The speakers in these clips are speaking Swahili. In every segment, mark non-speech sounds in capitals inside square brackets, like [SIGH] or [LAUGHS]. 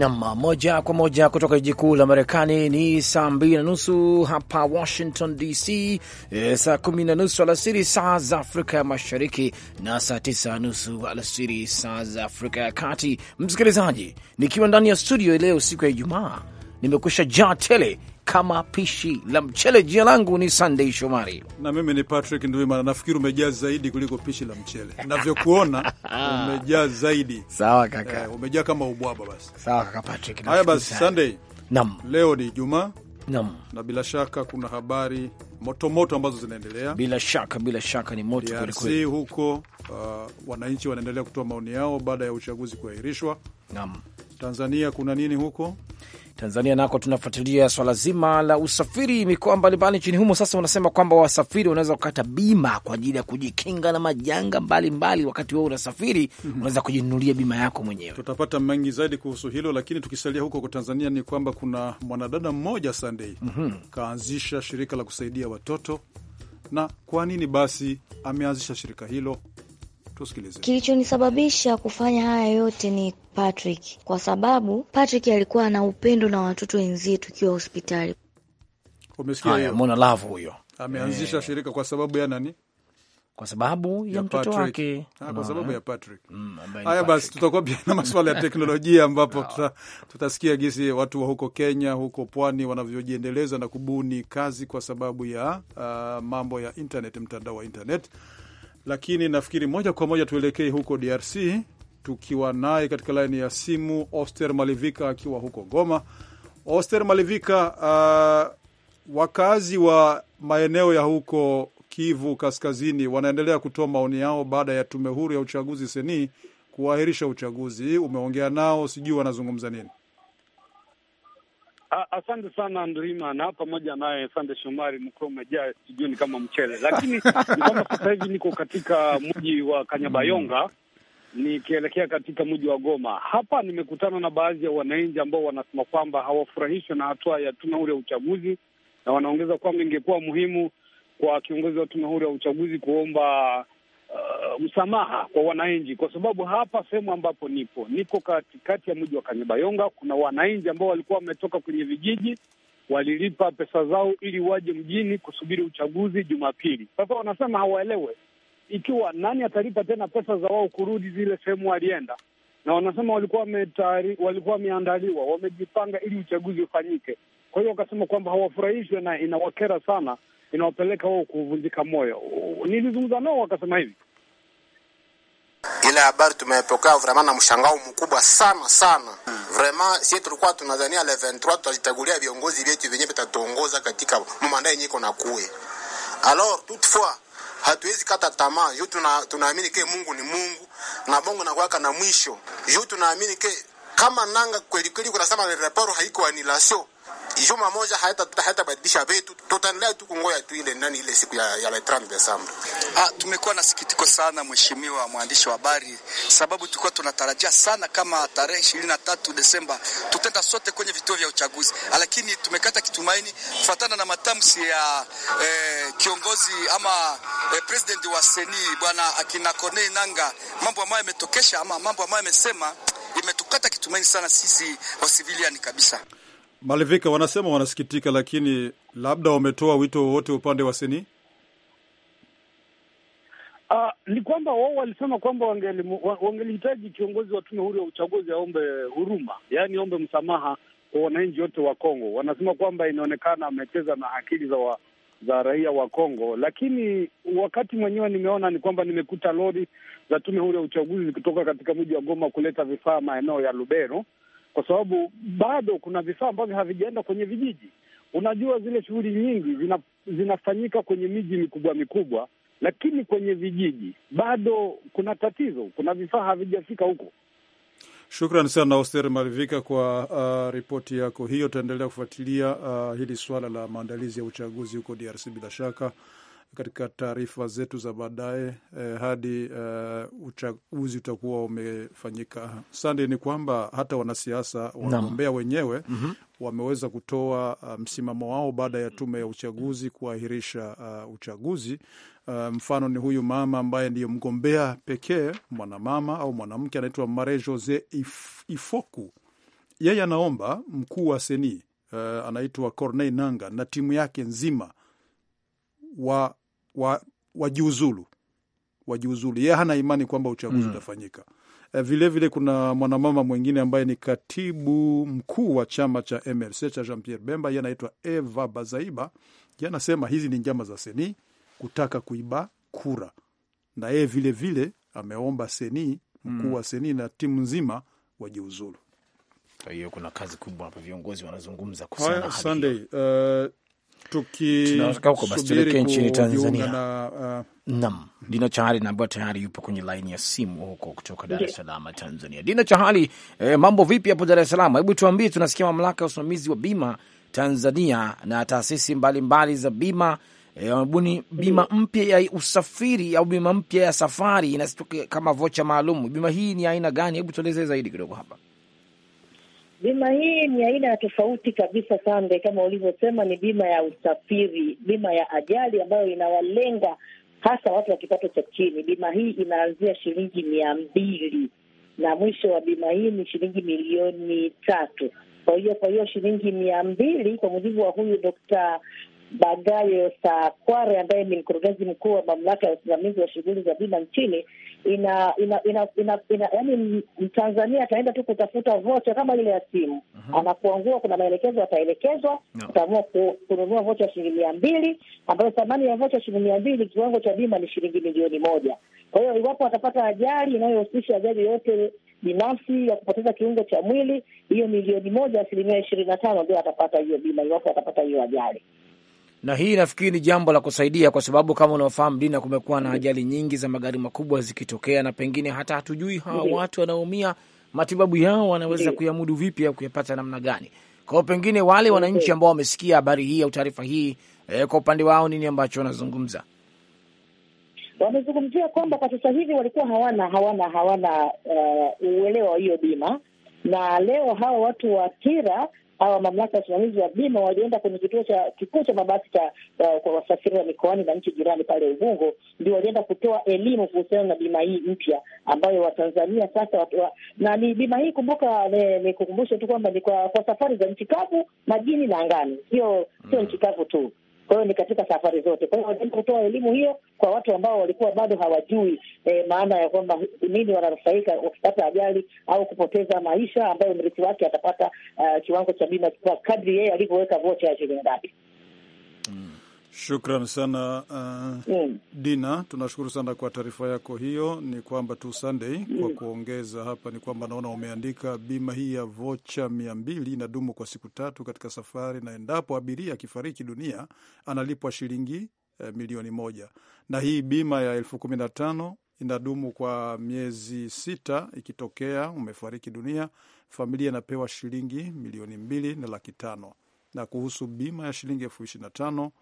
Nam moja kwa moja kutoka jiji kuu la Marekani ni saa mbili na nusu hapa Washington DC, e, saa kumi na nusu alasiri saa za Afrika ya Mashariki na saa tisa na nusu alasiri saa za Afrika ya Kati. Msikilizaji, nikiwa ndani ya studio leo siku ya Ijumaa, nimekusha jaa tele kama pishi la mchele. Jina langu ni Sunday Shomari na mimi ni Patrick Ndwimana. Nafikiri umejaa zaidi kuliko pishi la mchele navyokuona, [LAUGHS] ah. umejaa zaidi. Sawa kaka, eh, umejaa kama ubwaba. Basi sawa kaka Patrick, haya basi Sunday. nam leo ni Ijumaa nam Na bila shaka kuna habari motomoto moto ambazo zinaendelea bila shaka, bila shaka ni moto kweli kweli huko. Uh, wananchi wanaendelea kutoa maoni yao baada ya uchaguzi kuahirishwa. Naam. Tanzania kuna nini huko? Tanzania nako tunafuatilia swala zima la usafiri mikoa mbalimbali nchini humo. Sasa unasema kwamba wasafiri wanaweza kukata bima kwa ajili ya kujikinga na majanga mbalimbali Wakati wewe unasafiri mhm. unaweza kujinunulia bima yako mwenyewe. Tutapata mengi zaidi kuhusu hilo, lakini tukisalia huko kwa Tanzania ni kwamba kuna mwanadada mmoja Sunday mm -hmm. kaanzisha shirika la kusaidia watoto. Na kwa nini basi ameanzisha shirika hilo? Tusikilize. Kilichonisababisha kufanya haya yote ni Patrick, kwa sababu Patrick alikuwa na upendo na watoto wenzie tukiwa hospitali. Umesikia huyo ameanzisha e, shirika kwa sababu ya nani? Kwa sababu ya, ya mtoto wake ha, ah, kwa sababu ya Patrick. Mm, haya basi, tutakuwa pia na masuala ya [LAUGHS] teknolojia ambapo tuta, tutasikia gisi watu wa huko Kenya huko pwani wanavyojiendeleza na kubuni kazi kwa sababu ya uh, mambo ya internet, mtandao wa internet lakini nafikiri moja kwa moja tuelekee huko DRC tukiwa naye katika laini ya simu Oster Malivika akiwa huko Goma. Oster Malivika, uh, wakazi wa maeneo ya huko Kivu Kaskazini wanaendelea kutoa maoni yao baada ya tume huru ya uchaguzi seni kuahirisha uchaguzi. Umeongea nao, sijui wanazungumza nini? Asante sana Ndrima, na pamoja naye Sande Shomari, mko umejaa sijuni kama mchele, lakini [LAUGHS] ni kwamba sasa hivi niko katika mji wa Kanyabayonga mm. nikielekea katika mji wa Goma. Hapa nimekutana na baadhi ya wananchi ambao wanasema kwamba hawafurahishwi na hatua ya tume huru ya uchaguzi, na wanaongeza kwamba ingekuwa muhimu kwa kiongozi wa tume huru ya uchaguzi kuomba uh, msamaha kwa wananchi, kwa sababu hapa sehemu ambapo nipo niko katikati ya mji wa Kanyabayonga. Kuna wananchi ambao walikuwa wametoka kwenye vijiji, walilipa pesa zao ili waje mjini kusubiri uchaguzi Jumapili. Sasa wanasema hawaelewe ikiwa nani atalipa tena pesa za wao kurudi zile sehemu walienda, na wanasema walikuwa metari, walikuwa wameandaliwa, wamejipanga ili uchaguzi ufanyike. Kwa hiyo wakasema kwamba hawafurahishwe na inawakera sana inawapeleka wao kuvunjika moyo. Nilizungumza nao wakasema hivi, ile habari tumepokea vraiment na mshangao mkubwa sana sana hmm. Vraiment si tulikuwa tunadhania le 23 tutachagulia viongozi wetu wenyewe vitatuongoza katika mamanda yenye iko na kuwe alors toutefois hatuwezi kata tamaa juu tuna, tunaamini ke Mungu ni Mungu na Mungu na kwaka na mwisho juu tunaamini ke kama nanga kweli kweli, kunasema report haiko anilasio juma moja hayatabadilisha vitu, tutaendelea tu kungoja tu ile nani ile siku ya, ya 30 Desemba. Ah, tumekuwa na sikitiko sana mheshimiwa mwandishi wa habari, sababu tulikuwa tunatarajia sana kama tarehe 23 Desemba tutenda sote kwenye vituo vya uchaguzi, ah, lakini tumekata kitumaini kufuatana na matamshi ya eh, kiongozi ama eh, president wa seni bwana akina Kone Nanga, mambo ambayo yametokesha ama mambo ambayo amesema imetukata kitumaini sana sisi wa civilian kabisa. Malivika wanasema wanasikitika, lakini labda wametoa wito wowote upande wa seni Uh, ni kwamba wao walisema kwamba wangelihitaji kiongozi wa tume huru ya uchaguzi aombe huruma, yaani ombe msamaha kwa wananchi wote wa Kongo. Wanasema kwamba inaonekana amecheza na akili za wa, za raia wa Kongo, lakini wakati mwenyewe nimeona ni kwamba nimekuta lori za tume huru ya uchaguzi zikitoka katika mji wa Goma kuleta vifaa maeneo ya Lubero kwa sababu bado kuna vifaa ambavyo havijaenda kwenye vijiji. Unajua, zile shughuli nyingi zina, zinafanyika kwenye miji mikubwa mikubwa, lakini kwenye vijiji bado kuna tatizo, kuna vifaa havijafika huko. Shukran sana Oster Malivika kwa uh, ripoti yako hiyo. Tutaendelea kufuatilia uh, hili suala la maandalizi ya uchaguzi huko DRC bila shaka katika taarifa zetu za baadaye eh, hadi eh, uchaguzi utakuwa umefanyika. Sande, ni kwamba hata wanasiasa wagombea wenyewe mm -hmm wameweza kutoa ah, msimamo um, wao baada ya tume ya uchaguzi kuahirisha uh, uchaguzi. Uh, mfano ni huyu mama ambaye ndiyo mgombea pekee mwanamama au mwanamke anaitwa Mare Jose If, Ifoku. Yeye anaomba mkuu wa seni uh, anaitwa Corneille nanga na timu yake nzima wa wajiuzulu wa wajiuzulu. Yeye hana imani kwamba uchaguzi mm. utafanyika. Vilevile vile kuna mwanamama mwingine ambaye ni katibu mkuu wa chama cha MLC cha Jean Pierre Bemba, ye anaitwa Eva Bazaiba. Ye anasema hizi ni njama za Seni kutaka kuiba kura, na yeye vilevile ameomba Seni, mkuu mm. wa Seni na timu nzima wajiuzulu. Kwa hiyo kuna kazi kubwa hapa, viongozi wanazungumza. Uh, tunatoka huko basi tuelekee nchini Tanzania. nam uh, Dina Chahali na ambayo tayari yupo kwenye laini ya simu huko kutoka Dar es Salaam, Tanzania. Dina Chahali, eh, mambo vipi hapo Dar es Salaam? Hebu tuambie, tunasikia mamlaka ya usimamizi wa bima Tanzania na taasisi mbalimbali za bima wamebuni eh, bima mm. mpya ya usafiri au bima mpya ya safari inasitoka kama vocha maalum. Bima hii ni aina gani? Hebu tueleze zaidi kidogo hapa. Bima hii ni aina ya tofauti kabisa, Sande, kama ulivyosema, ni bima ya usafiri, bima ya ajali ambayo inawalenga hasa watu wa kipato cha chini. Bima hii inaanzia shilingi mia mbili na mwisho wa bima hii ni shilingi milioni tatu. Kwa hiyo kwa hiyo shilingi mia mbili kwa mujibu wa huyu Dokta Bagayo Sakware ambaye ni mkurugenzi mkuu wa mamlaka ya usimamizi wa shughuli za bima nchini ina ina ina ina, ina yaani Mtanzania ataenda tu kutafuta vocha kama ile ya simu uh -huh. Anakuangua, kuna maelekezo ataelekezwa no. Utaamua kununua vocha shilingi mia mbili ambayo thamani ya vocha shilingi mia mbili kiwango cha bima ni shilingi milioni moja. Kwa hiyo iwapo atapata ajali inayohusisha ajali yoyote binafsi ya kupoteza kiungo cha mwili, hiyo milioni moja asilimia ishirini na tano ndio atapata hiyo bima, iwapo atapata hiyo ajali na hii nafikiri ni jambo la kusaidia, kwa sababu kama unaofahamu Dina, kumekuwa na ajali nyingi za magari makubwa zikitokea, na pengine hata hatujui hawa watu wanaumia matibabu yao wanaweza kuyamudu vipi au kuyapata namna gani. Kwao pengine wale wananchi ambao wamesikia habari hii au taarifa hii eh, kwa upande wao nini ambacho wanazungumza? Wamezungumzia kwamba kwa sasa hivi walikuwa hawana hawana hawana uh, uelewa wa hiyo bima, na leo hawa watu wa TIRA hawa mamlaka ya usimamizi wa bima walienda kwenye kituo cha kikuu cha mabasi cha uh, kwa wasafiri wa mikoani na nchi jirani pale Ubungo, ndio walienda kutoa elimu kuhusiana na bima hii mpya ambayo Watanzania sasa watua. na ni bima hii kumbuka, nikukumbushe tu kwamba ni kwa, kwa safari za nchi kavu, majini na angani, sio mm, sio nchi kavu tu kwa hiyo ni katika safari zote. Kwa hiyo wanajaribu kutoa elimu hiyo kwa watu ambao walikuwa bado hawajui e, maana ya kwamba nini wananufaika wakipata ajali au kupoteza maisha, ambayo mrithi wake atapata uh, kiwango cha bima kwa kadri yeye alivyoweka vocha ya shilingi ngapi. Shukran sana uh, yeah. Mm. Dina, tunashukuru sana kwa taarifa yako hiyo. Ni kwamba tu Sunday yeah. Mm. kwa kuongeza hapa ni kwamba naona umeandika bima hii ya vocha mia mbili inadumu kwa siku tatu katika safari, na endapo abiria akifariki dunia analipwa shilingi eh, milioni moja, na hii bima ya elfu kumi na tano inadumu kwa miezi sita. Ikitokea umefariki dunia, familia inapewa shilingi milioni mbili na laki tano, na kuhusu bima ya shilingi elfu ishirini na tano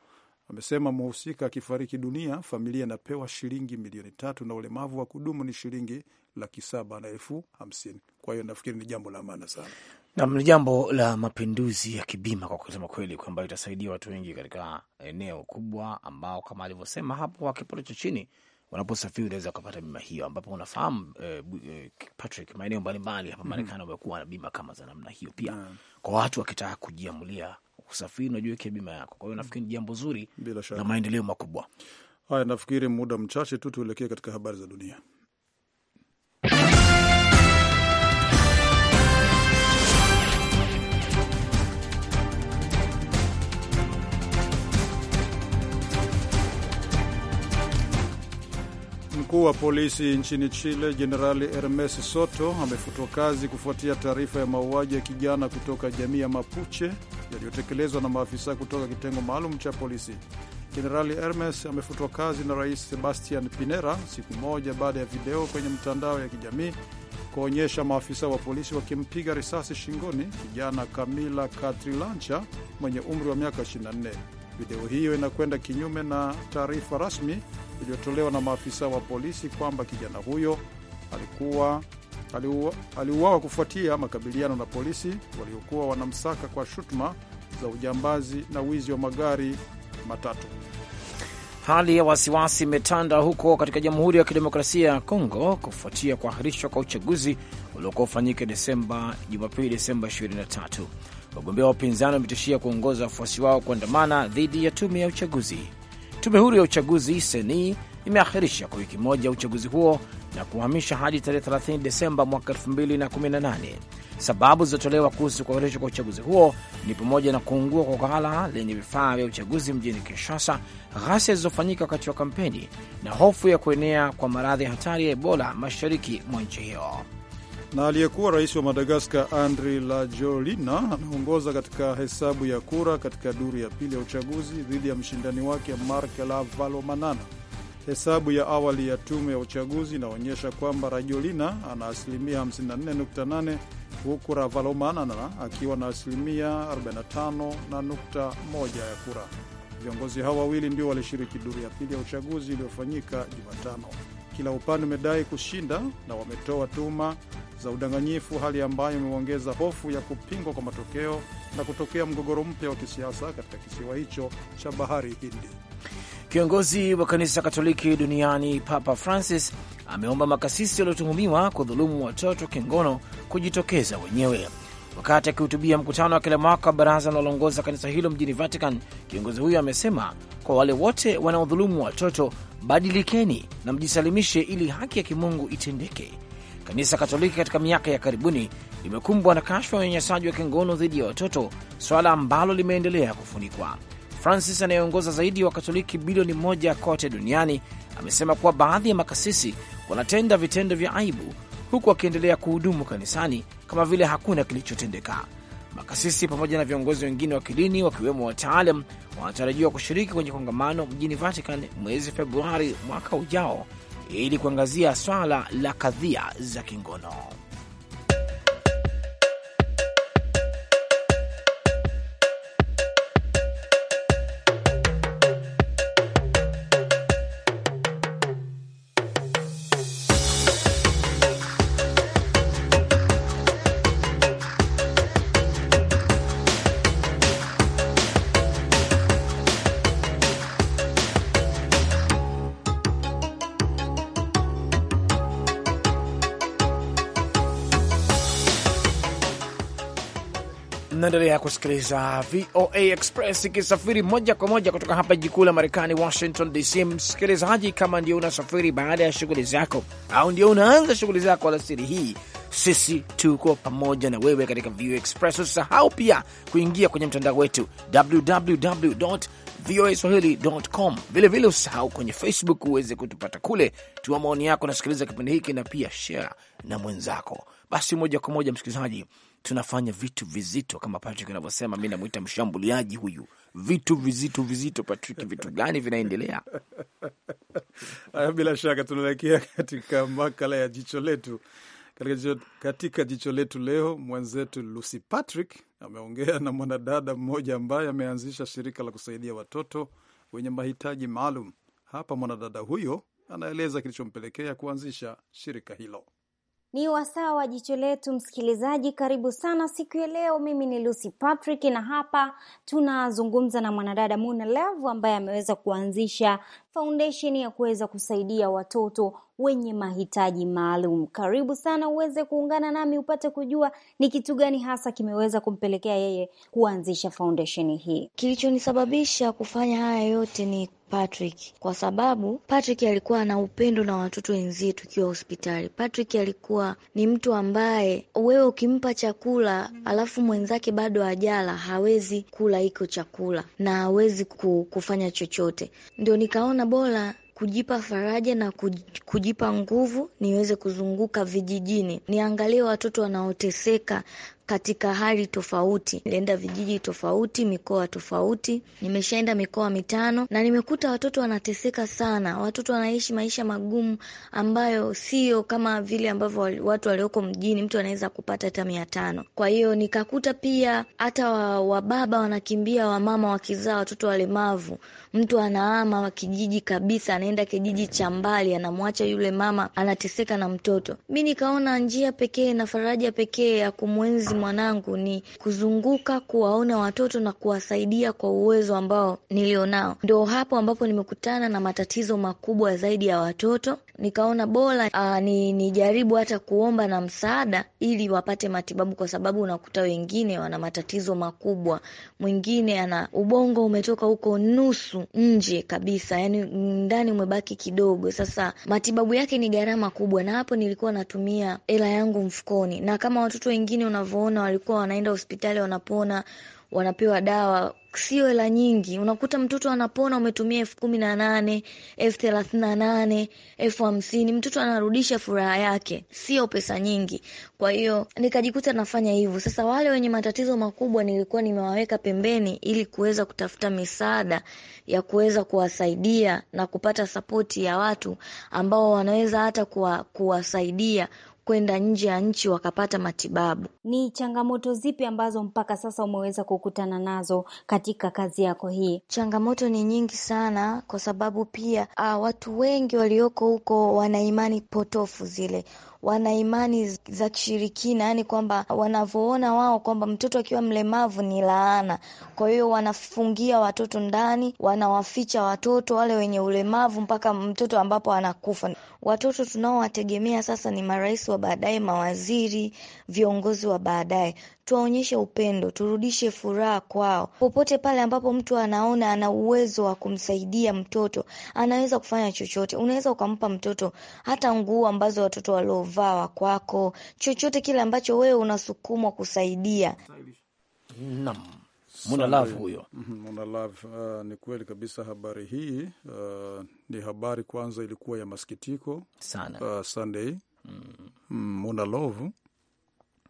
amesema mhusika akifariki dunia familia inapewa shilingi milioni tatu na ulemavu wa kudumu ni shilingi laki saba na elfu hamsini. Kwa hiyo nafikiri ni jambo la maana sana nam, ni jambo la mapinduzi ya kibima kwa kusema kweli, kwamba itasaidia watu wengi katika eneo kubwa, ambao kama alivyosema hapo wa kipato cha chini wanaposafiri unaweza ukapata bima hiyo, ambapo unafahamu eh, eh Patrick, maeneo mbalimbali hapa mm-hmm. Marekani wamekuwa na bima kama za namna hiyo pia, mm, kwa watu wakitaka kujiamulia usafiri, unajiwekea bima yako. Kwa hiyo mm. nafikiri ni jambo zuri na maendeleo makubwa. Haya, nafikiri muda mchache tu tuelekee katika habari za dunia. Mkuu wa polisi nchini Chile, Jenerali Hermes Soto amefutwa kazi kufuatia taarifa ya mauaji ya kijana kutoka jamii ya Mapuche yaliyotekelezwa na maafisa kutoka kitengo maalum cha polisi. Jenerali Hermes amefutwa kazi na Rais Sebastian Pinera siku moja baada ya video kwenye mtandao ya kijamii kuonyesha maafisa wa polisi wakimpiga risasi shingoni kijana Kamila Katrilancha mwenye umri wa miaka 24. Video hiyo inakwenda kinyume na taarifa rasmi iliyotolewa na maafisa wa polisi kwamba kijana huyo alikuwa aliuawa kufuatia makabiliano na polisi waliokuwa wanamsaka kwa shutuma za ujambazi na wizi wa magari matatu. Hali ya wasiwasi imetanda huko katika Jamhuri ya Kidemokrasia ya Kongo kufuatia kuahirishwa kwa uchaguzi uliokuwa ufanyike Desemba Jumapili, Desemba 23. Wagombea wa upinzani wametishia kuongoza wafuasi wao kuandamana dhidi ya tume ya uchaguzi. Tume huru ya uchaguzi seni imeahirisha kwa wiki moja uchaguzi huo na kuhamisha hadi tarehe 30 Desemba mwaka 2018. Sababu zilizotolewa kuhusu kuahirishwa kwa uchaguzi huo ni pamoja na kuungua kwa ghala lenye vifaa vya uchaguzi mjini Kinshasa, ghasia zilizofanyika wakati wa kampeni na hofu ya kuenea kwa maradhi hatari ya Ebola mashariki mwa nchi hiyo na aliyekuwa rais wa Madagaskar Andry Rajoelina anaongoza katika hesabu ya kura katika duru ya pili ya uchaguzi dhidi ya mshindani wake Marc Ravalomanana. Hesabu ya awali ya tume ya uchaguzi inaonyesha kwamba Rajoelina ana asilimia 54.8 huku Ravalomanana akiwa na asilimia 45.1 ya kura. Viongozi hao wawili ndio walishiriki duru ya pili ya uchaguzi iliyofanyika Jumatano kila upande umedai kushinda na wametoa tuhuma za udanganyifu, hali ambayo imeongeza hofu ya kupingwa kwa matokeo na kutokea mgogoro mpya wa kisiasa katika kisiwa hicho cha bahari Hindi. Kiongozi wa kanisa Katoliki duniani Papa Francis ameomba makasisi waliotuhumiwa kudhulumu watoto kingono kujitokeza wenyewe. Wakati akihutubia mkutano wa kila mwaka wa baraza linaloongoza kanisa hilo mjini Vatican, kiongozi huyo amesema kwa wale wote wanaodhulumu watoto, badilikeni na mjisalimishe ili haki ya kimungu itendeke. Kanisa Katoliki katika miaka ya karibuni limekumbwa na kashfa ya unyanyasaji wa kingono dhidi ya watoto, swala ambalo limeendelea kufunikwa. Francis anayeongoza zaidi wa Katoliki bilioni moja kote duniani amesema kuwa baadhi ya makasisi wanatenda vitendo vya aibu huku akiendelea kuhudumu kanisani kama vile hakuna kilichotendeka. Makasisi pamoja na viongozi wengine wa kidini wakiwemo wataalam wanatarajiwa kushiriki kwenye kongamano mjini Vatican mwezi Februari mwaka ujao ili kuangazia swala la kadhia za kingono. Unaendelea kusikiliza VOA Express ikisafiri moja kwa moja kutoka hapa jiji kuu la Marekani, Washington DC. Msikilizaji, kama ndio unasafiri baada ya shughuli zako au ndio unaanza shughuli zako alasiri hii, sisi tuko pamoja na wewe katika VOA Express. Usisahau pia kuingia kwenye mtandao wetu www voa swahili.com. Vilevile usisahau kwenye Facebook uweze kutupata kule, tuwa maoni yako, nasikiliza kipindi hiki na pia share na mwenzako. Basi moja kwa moja msikilizaji tunafanya vitu vizito kama Patrick anavyosema. Mi namwita mshambuliaji huyu, vitu vizito vizito. Patrick, vitu gani vinaendelea? Bila shaka tunaelekea katika makala ya jicho letu. Katika jicho letu leo, mwenzetu Lucy Patrick ameongea na mwanadada mmoja ambaye ameanzisha shirika la kusaidia watoto wenye mahitaji maalum. Hapa mwanadada huyo anaeleza kilichompelekea kuanzisha shirika hilo. Ni wasaa wa jicho letu, msikilizaji, karibu sana siku ya leo. Mimi ni Lucy Patrick na hapa tunazungumza na mwanadada Muna Love ambaye ameweza kuanzisha foundation ya kuweza kusaidia watoto wenye mahitaji maalum. Karibu sana uweze kuungana nami upate kujua ni kitu gani hasa kimeweza kumpelekea yeye kuanzisha foundation hii. Kilichonisababisha kufanya haya yote ni Patrick kwa sababu Patrick alikuwa na upendo na watoto wenzie tukiwa hospitali. Patrick alikuwa ni mtu ambaye wewe ukimpa chakula alafu mwenzake bado ajala, hawezi kula hiko chakula na hawezi kufanya chochote. Ndio nikaona bora kujipa faraja na kujipa nguvu niweze kuzunguka vijijini niangalie watoto wanaoteseka katika hali tofauti. Nilienda vijiji tofauti, mikoa tofauti, nimeshaenda mikoa mitano na nimekuta watoto wanateseka sana. Watoto wanaishi maisha magumu ambayo sio kama vile ambavyo watu walioko mjini mtu anaweza kupata hata mia tano. Kwa hiyo nikakuta pia hata wababa wa wanakimbia wamama wakizaa watoto walemavu. Mtu anaama kijiji kabisa, anaenda kijiji cha mbali, anamwacha yule mama anateseka na mtoto. Mi nikaona njia pekee na faraja pekee ya kumwenzi mwanangu ni kuzunguka, kuwaona watoto na kuwasaidia kwa uwezo ambao nilionao. Ndio hapo ambapo nimekutana na matatizo makubwa zaidi ya watoto, nikaona bora aa, ni nijaribu hata kuomba na msaada ili wapate matibabu, kwa sababu unakuta wengine wana matatizo makubwa, mwingine ana ubongo umetoka huko nusu nje kabisa, yani ndani umebaki kidogo. Sasa matibabu yake ni gharama kubwa, na hapo nilikuwa natumia hela yangu mfukoni, na kama watoto wengine unavyo unaona walikuwa wanaenda hospitali wanapona, wanapewa dawa sio hela nyingi. Unakuta mtoto anapona, umetumia elfu kumi na nane elfu thelathini na nane elfu hamsini mtoto anarudisha furaha yake, sio pesa nyingi. Kwa hiyo nikajikuta nafanya hivyo. Sasa wale wenye matatizo makubwa nilikuwa nimewaweka pembeni, ili kuweza kutafuta misaada ya kuweza kuwasaidia na kupata sapoti ya watu ambao wanaweza hata kuwa, kuwasaidia kwenda nje ya nchi wakapata matibabu. Ni changamoto zipi ambazo mpaka sasa umeweza kukutana nazo katika kazi yako hii? Changamoto ni nyingi sana, kwa sababu pia a, ah, watu wengi walioko huko wana imani potofu zile wana imani za kishirikina, yani kwamba wanavyoona wao kwamba mtoto akiwa mlemavu ni laana. Kwa hiyo wanafungia watoto ndani, wanawaficha watoto wale wenye ulemavu mpaka mtoto ambapo anakufa. Watoto tunaowategemea sasa ni marais wa baadaye, mawaziri, viongozi wa baadaye, tuwaonyeshe upendo, turudishe furaha kwao. Popote pale ambapo mtu anaona ana uwezo wa kumsaidia mtoto, anaweza kufanya chochote. Unaweza ukampa mtoto hata nguo ambazo watoto waliovaa wa kwako, chochote kile ambacho wewe unasukumwa kusaidia. Naam. Munalav huyo. uh, ni kweli kabisa. Habari hii uh, ni habari kwanza ilikuwa ya masikitiko sana, uh, Sunday mm. mm Munalav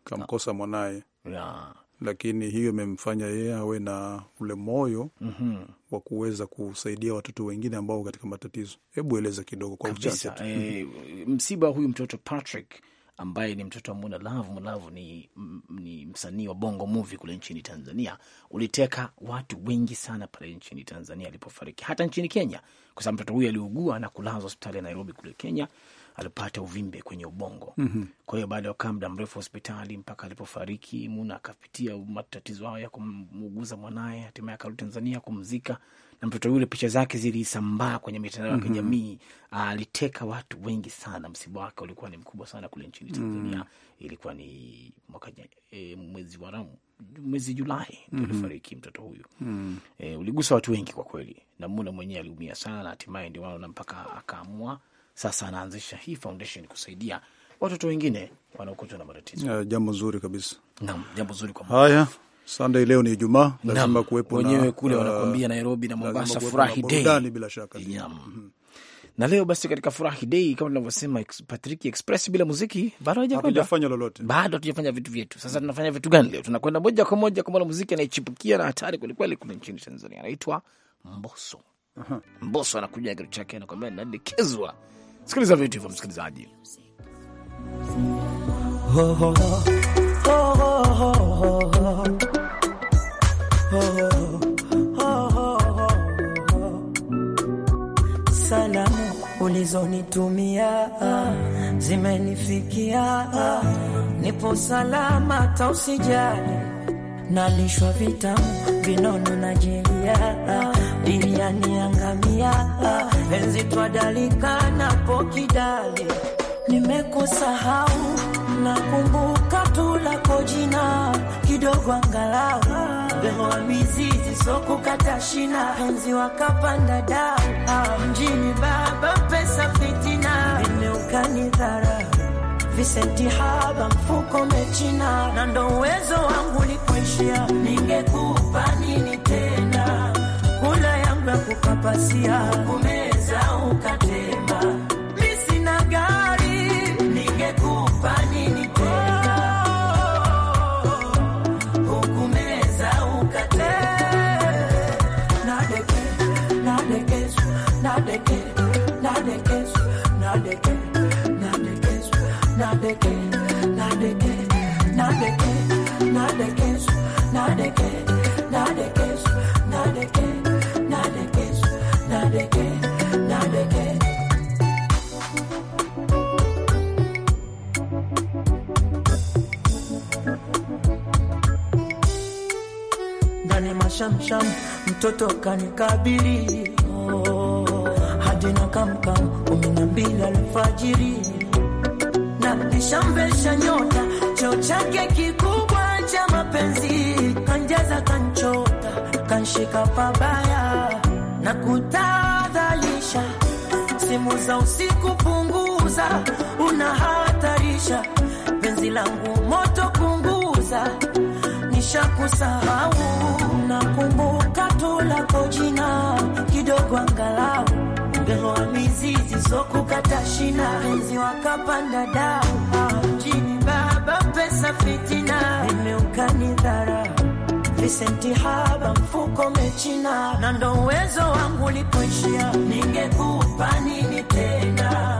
kamkosa mwanaye yeah. Lakini hiyo imemfanya yeye awe na ule moyo mm -hmm. wa kuweza kusaidia watoto wengine ambao katika matatizo. Hebu eleza kidogo kwa uchache tu e, msiba huyu mtoto Patrick ambaye ni mtoto wa Muna Lavu. Muna ni, ni msanii wa bongo movie kule nchini Tanzania, uliteka watu wengi sana pale nchini Tanzania alipofariki, hata nchini Kenya, kwa sababu mtoto huyu aliugua na kulazwa hospitali ya Nairobi kule Kenya, alipata uvimbe kwenye ubongo mm -hmm. Kwa hiyo baada ya kukaa muda mrefu hospitali mpaka alipofariki, Muna akapitia matatizo hayo ya kumuuguza mwanaye, hatimaye akarudi Tanzania kumzika. Na mtoto yule, picha zake zilisambaa kwenye mitandao ya mhm. kijamii, ah, aliteka watu wengi sana. Msiba wake ulikuwa ni mkubwa sana kule nchini Tanzania. mm -hmm. Ilikuwa ni mwaka e, mwezi wa Ramu mwezi Julai ndio mhm. alifariki mm -hmm. mtoto huyu mm -hmm. E, uligusa watu wengi kwa kweli, na Muna mwenyewe aliumia sana, na hatimaye ndio maana mpaka akaamua sasa anaanzisha hii foundation kusaidia watoto wengine wanaokutwa na matatizo. Jambo zuri kabisa. Naam, jambo zuri kwa haya Sunday leo ni Ijumaa, lazima kuwepo wenyewe kule uh, wanakuambia Nairobi na Mombasa furahi day, bila shaka mm. Na leo basi katika furahi day kama tunavyosema Patrick Express bila muziki bado hajafanya lolote, bado hatujafanya vitu vyetu. Sasa tunafanya vitu gani leo? Tunakwenda moja kwa moja kwa muziki anayechipukia na hatari kwelikweli kule nchini Tanzania, anaitwa Mbosso. Mboso anakuja na kitu chake, anakwambia nadekezwa Sikiliza vitu hivyo, msikilizaji. Salamu ulizonitumia zimenifikia, nipo salama, tausijali nalishwa vitamu vinono na jeria, biriani ya ngamia, enzi twadalika napo kidali, nimekusahau nakumbuka tulako kojina kidogo, angalau behoa mizizi kukata shina, enzi wakapanda dau mjini, baba pesa fitina, ineukanidhara Vicenti Haba, mfuko mechina, na ndo uwezo wangu likuishia. Ningekupa nini tena? Kula yangu ya kukapasia, kumeza ukatema Ndani mashamsham mtoto kanikabili, oh, hadi na kamkam umenambila alfajiri ameshamvesha nyota, cheo chake kikubwa cha mapenzi kanjaza, kanchota, kanshika pabaya na kutadhalisha, simu za usiku punguza, unahatarisha penzi langu moto punguza, nishakusahau nakumbuka tu lako jina kidogo angalau kutoa mizizi so kukata shina, enzi wakapanda dau mjini baba pesa fitina, imeukani dhara Visenti haba mfuko mechina, na ndo uwezo wangu likuishia. Ningekupa nini tena?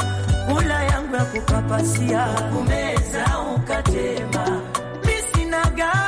Kula yangu ya kupapasia kumeza ukatema, misinaga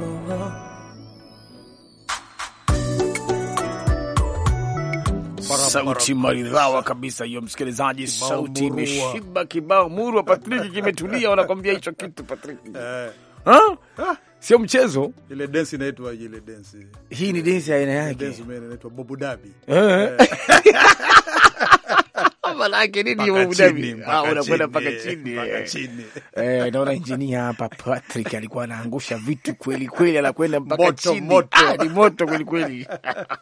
sauti maridhawa kabisa hiyo, msikilizaji, sauti imeshiba kibao. Murwa Patriki kimetulia, wanakwambia hicho kitu Patriki eh. sio mchezo. Ile inaitwa ile hii ni densi aina yake, inaitwa eh. Eh. [LAUGHS] manake nini unakwenda mpaka chini Naona injinia hapa Patrick alikuwa anaangusha vitu kweli kweli, anakwenda mpaka chini, ah, ni moto kweli kweli.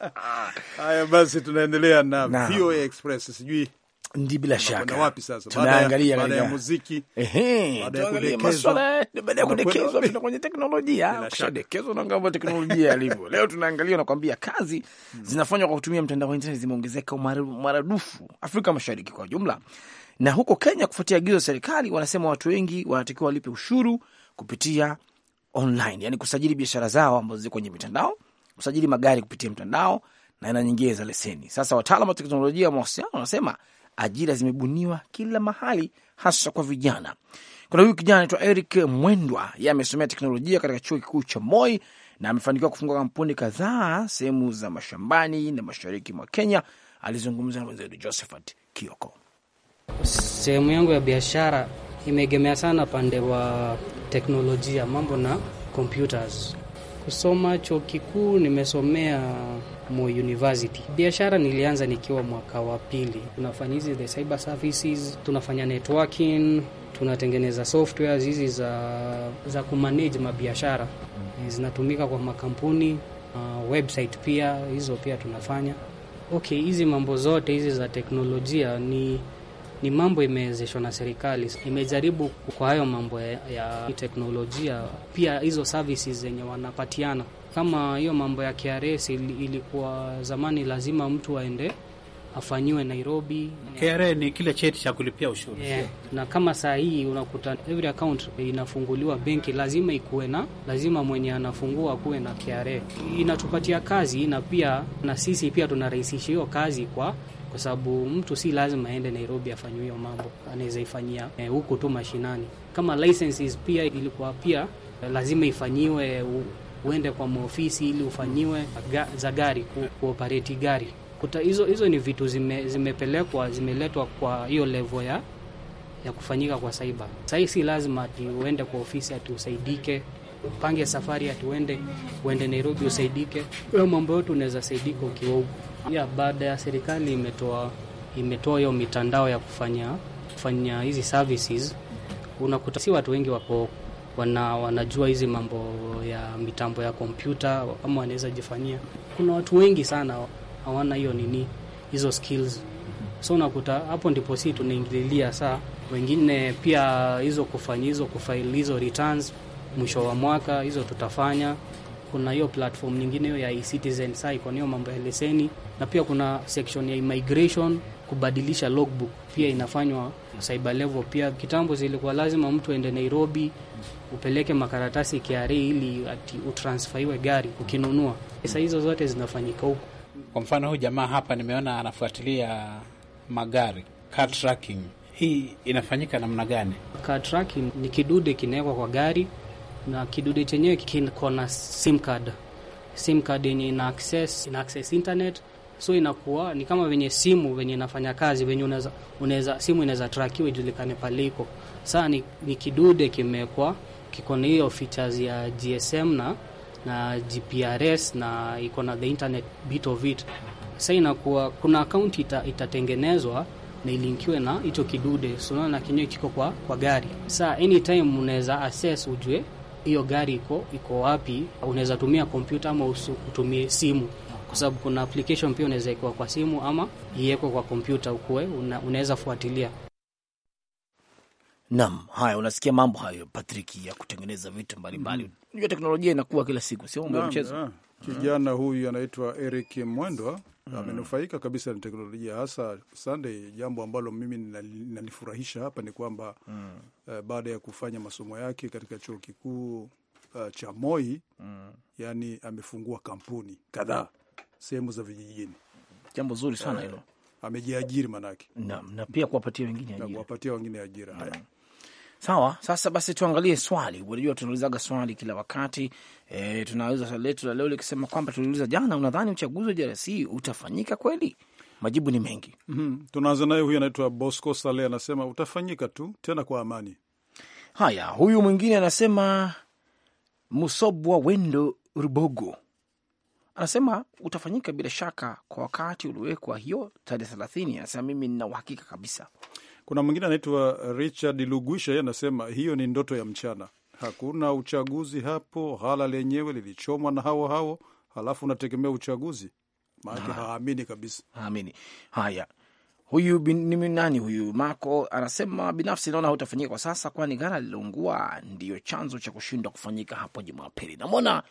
[LAUGHS] Haya basi, tunaendelea na VOA Express sijui Ndi, bila shaka tunaangalia baada ya muziki, masuala baada ya kudekezwa, tuna kwenye teknolojia. Ukishadekezwa unaangalia teknolojia ilivyo leo. Tunaangalia, na kwambia kazi hmm. zinafanywa kwa kutumia mtandao wa internet zimeongezeka maradufu Afrika Mashariki kwa jumla, na huko Kenya kufuatia agizo la serikali, wanasema watu wengi wanatakiwa walipe ushuru kupitia online, yani kusajili biashara zao ambazo ziko kwenye mitandao, kusajili magari kupitia mtandao na aina nyingine za leseni. Sasa wataalamu wa teknolojia ya mawasiliano wanasema ajira zimebuniwa kila mahali, hasa kwa vijana. Kuna huyu kijana anaitwa Eric Mwendwa, yeye amesomea teknolojia katika chuo kikuu cha Moi na amefanikiwa kufungua kampuni kadhaa sehemu za mashambani na mashariki mwa Kenya. Alizungumza na mwenzetu Josephat Kioko. Sehemu yangu ya biashara imeegemea sana pande wa teknolojia, mambo na computers. Kusoma chuo kikuu nimesomea Moi university. Biashara nilianza nikiwa mwaka wa pili, tunafanya hizi the cyber services, tunafanya networking, tunatengeneza software hizi za za kumanage mabiashara mm-hmm. eh, zinatumika kwa makampuni uh, website pia hizo pia tunafanya. Okay, hizi mambo zote hizi za teknolojia ni ni mambo imewezeshwa na serikali, imejaribu kwa hayo mambo ya, ya teknolojia pia hizo services zenye wanapatiana kama hiyo mambo ya KRA ilikuwa zamani, lazima mtu aende afanyiwe Nairobi. KRA ni kile cheti cha kulipia ushuru yeah. Na kama saa hii unakuta every account inafunguliwa benki lazima ikuwe na, lazima mwenye anafungua kuwe na KRA. Inatupatia kazi na pia na sisi pia tunarahisisha hiyo kazi kwa kwa sababu mtu si lazima aende Nairobi afanyiwe hiyo mambo, anaweza ifanyia huko eh, tu mashinani. Kama licenses pia ilikuwa pia lazima ifanyiwe u, uende kwa maofisi ili ufanyiwe ga, za gari ku, gari kuta, hizo, hizo ni vitu zime, zimepelekwa zimeletwa kwa hiyo levo ya ya kufanyika kwa saiba. Sahii si lazima ati uende kwa ofisi ati usaidike, upange safari ati uende uende Nairobi usaidike. Hiyo mambo yote unaweza saidika ukiwa huko. Ya baada ya serikali imetoa imetoa hiyo mitandao ya kufanya kufanya hizi services, unakuta si watu wengi wako wana, wanajua hizi mambo ya mitambo ya kompyuta kama wanaweza jifanyia. Kuna watu wengi sana hawana hiyo nini, hizo skills, so unakuta hapo ndipo si tunaingililia saa wengine pia hizo kufanya hizo kufaili hizo returns mwisho wa mwaka hizo tutafanya. Kuna hiyo platform nyingine hiyo ya e-citizen, saa iko hiyo mambo ya leseni, na pia kuna section ya immigration kubadilisha logbook pia inafanywa cyber level. Pia kitambo zilikuwa lazima mtu aende Nairobi upeleke makaratasi KRA ili ati utransfaiwe gari ukinunua. Pesa hizo zote zinafanyika huko. Kwa mfano, huyu jamaa hapa nimeona anafuatilia magari car tracking. Hii inafanyika namna gani? Car tracking ni kidude kinawekwa kwa gari na kidude chenyewe kiko na sim card, sim card yenye ina access, ina access internet so inakuwa ni kama venye simu venye inafanya kazi venye unaweza unaweza simu inaweza trakiwa ijulikane paliko. Sasa ni, ni kidude kimekwa kiko na hiyo features ya GSM na na GPRS na iko na the internet bit of it. Sasa inakuwa kuna account ita, itatengenezwa na ilinkiwe na hicho kidude so na kinyo kiko kwa, kwa gari. Sasa anytime unaweza access ujue hiyo gari iko iko wapi. Unaweza tumia computer ama utumie simu kwa sababu kuna application pia unaweza ikiwa kwa simu ama iwekwe kwa kompyuta ukuwe unaweza fuatilia. Naam, haya, unasikia mambo hayo Patrick, ya kutengeneza vitu mbalimbali mm -hmm. teknolojia inakuwa kila siku, sio mambo ya mchezo. Mm. Kijana huyu anaitwa Eric Mwendwa mm. amenufaika kabisa na teknolojia hasa Sunday. Jambo ambalo mimi nanifurahisha hapa ni kwamba mm. uh, baada ya kufanya masomo yake katika chuo kikuu uh, cha Moi mm. yani amefungua kampuni kadhaa sehemu za vijijini. Jambo zuri sana hilo, eh, amejiajiri manake na, na pia kuwapatia wengine ajira, kuwapatia wengine ajira. Haya, sawa. Sasa basi tuangalie swali. Unajua tunaulizaga swali kila wakati e, tunauliza swali letu la leo likisema kwamba tuliuliza jana, unadhani uchaguzi wa DRC utafanyika kweli? Majibu ni mengi. mm -hmm. Tunaanza naye, huyu anaitwa Bosco Sale anasema utafanyika tu tena kwa amani. Haya, huyu mwingine anasema Musobwa Wendo Rubogo Anasema utafanyika bila shaka kwa wakati uliowekwa, hiyo tarehe thelathini. Anasema mimi nina uhakika kabisa. Kuna mwingine anaitwa Richard Lugwisha, yeye anasema hiyo ni ndoto ya mchana, hakuna uchaguzi hapo. Hala lenyewe lilichomwa na hao hao, halafu unategemea uchaguzi? Maanake haamini ah. kabisa, haamini. Haya, huyu ni nani huyu? Mako anasema binafsi naona hautafanyika kwa sasa, kwani Ghana lililoungua ndiyo chanzo cha kushindwa kufanyika hapo Jumapili. Namwona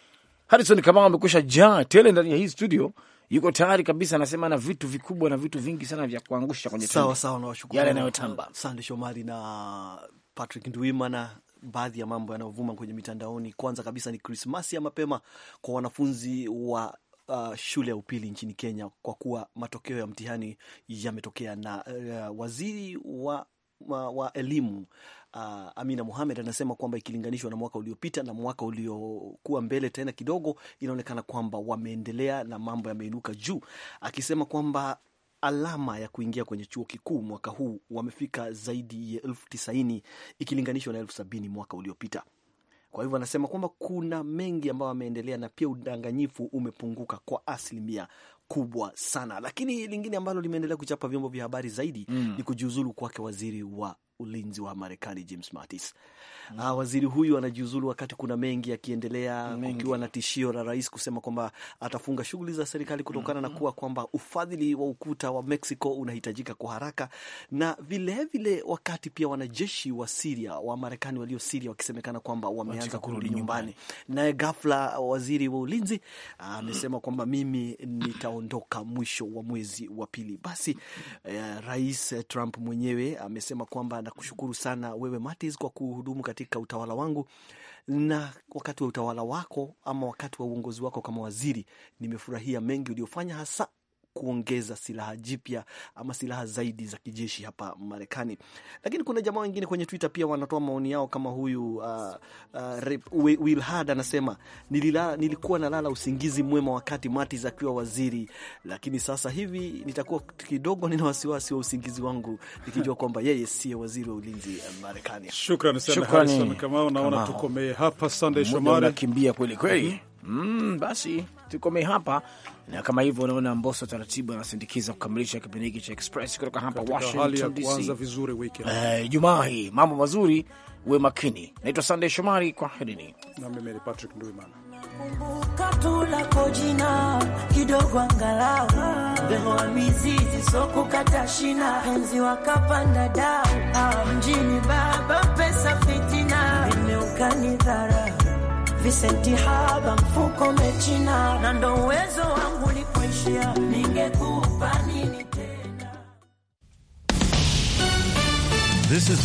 Harrison Kamau amekusha jaa tele ndani ya hii studio, yuko tayari kabisa, anasema na vitu vikubwa na vitu vingi sana vya kuangusha kwenye sawa sawa, na washukuru yale yanayotamba Sande Shomari na Patrick Ndwimana baadhi ya mambo yanayovuma kwenye mitandaoni. Kwanza kabisa ni Krismasi ya mapema kwa wanafunzi wa Uh, shule ya upili nchini Kenya kwa kuwa matokeo ya mtihani yametokea, na uh, waziri wa, wa, uh, wa elimu uh, Amina Mohamed anasema kwamba ikilinganishwa na mwaka uliopita na mwaka uliokuwa mbele tena kidogo, inaonekana kwamba wameendelea na mambo yameinuka juu, akisema kwamba alama ya kuingia kwenye chuo kikuu mwaka huu wamefika zaidi ya elfu tisaini ikilinganishwa na elfu sabini mwaka uliopita. Kwa hivyo anasema kwamba kuna mengi ambayo ameendelea na pia udanganyifu umepunguka kwa asilimia kubwa sana. Lakini lingine ambalo limeendelea kuchapa vyombo vya habari zaidi mm. ni kujiuzulu kwake waziri wa ulinzi wa Marekani James Mattis. mm. Uh, waziri huyu anajiuzulu wakati kuna mengi yakiendelea, kukiwa na tishio la rais kusema kwamba atafunga shughuli za serikali kutokana mm -hmm. na mm-hmm. kuwa kwamba ufadhili wa ukuta wa Mexico unahitajika kwa haraka, na vilevile vile wakati pia wanajeshi wa Siria wa Marekani walio Siria wakisemekana kwamba wameanza kurudi nyumbani, naye ghafla waziri wa ulinzi amesema uh, kwamba mimi nita anaondoka mwisho wa mwezi wa pili. Basi eh, Rais Trump mwenyewe amesema kwamba nakushukuru sana wewe Mattis kwa kuhudumu katika utawala wangu na wakati wa utawala wako ama wakati wa uongozi wako kama waziri, nimefurahia mengi uliofanya, hasa kuongeza silaha jipya ama silaha zaidi za kijeshi hapa Marekani. Lakini kuna jamaa wengine kwenye Twitter pia wanatoa maoni yao kama huyu uh, uh, Will anasema nilikuwa nalala usingizi mwema wakati Mattis akiwa waziri, lakini sasa hivi nitakuwa kidogo nina wasiwasi wa usingizi wangu nikijua [LAUGHS] kwamba yeye siye waziri wa ulinzi uh, Marekani. Shukrani sana Harrison, tukomee hapa. Sunday Shomari nakimbia kweli kweli mhm. Mm, basi tukome hapa na kama hivyo, unaona Mboso taratibu anasindikiza kukamilisha kipindi hiki cha Express kutoka hapa Washington DC. vizuri Uh, eh, Jumaa hii mambo mazuri, we makini. Naitwa Sunday Shomari, kwa Na mimi ni Patrick Nduimana. Kumbuka tu lako jina kidogo, angalau lehoa mizizi, so kukata shina, penzi wakapanda dau, ah, mjini baba pesa fitina, nimeukanidhara Vincent Haba, mfuko mechina, na ndo uwezo wangu nikoishia, ningekupa nini tena? This is